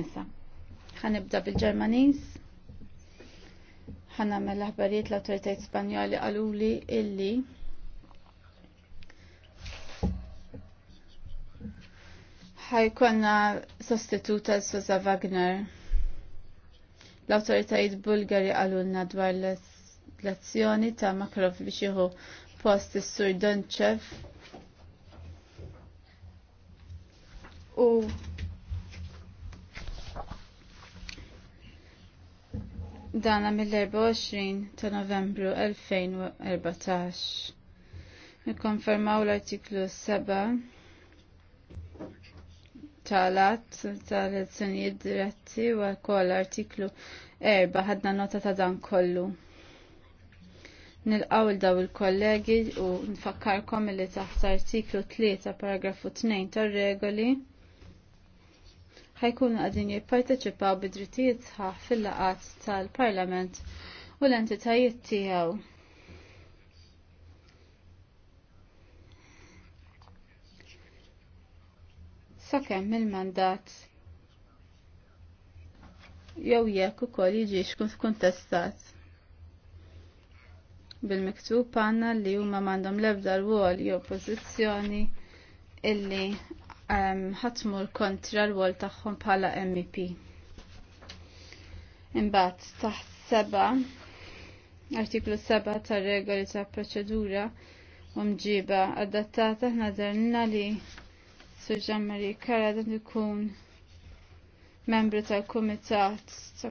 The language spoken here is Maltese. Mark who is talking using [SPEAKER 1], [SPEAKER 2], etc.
[SPEAKER 1] nisa. Ħanibda bil-Ġermaniż. Ħanamel l-aħbarijiet l-autoritajiet Spanjoli għaluli illi ħajkonna sostituta Suza Wagner. L-autoritajiet Bulgari għalunna dwar l-azzjoni ta' Makrov biex jieħu post is-Sur Donchev u dana mill-24 ta' novembru 2014. Nikkonfermaw l-artiklu 7 tal-att tal-elezzjonijiet diretti u wkoll artiklu 4 ħadna nota ta' dan kollu. nil il-daw il-kollegi u nfakkarkom li taħt artiklu 3 paragrafu 2 tar-regoli ħajkunu għadin jipparteċipaw bidrittijiet sħaħ fil-laqat tal-Parlament u l-entitajiet tiegħu. Sakemm il-mandat jew jekk ukoll jiġix kontestat bil-miktub għanna li huma m'għandhom l-ebda rwol jew pożizzjoni illi l kontra l-wol tagħhom bħala MEP. Imbagħad taħt seba artiklu 7 tar-regoli ta' proċedura u mġiba adattata ħnaderna li suġammari Kara dan ikun membru tal-Kumitat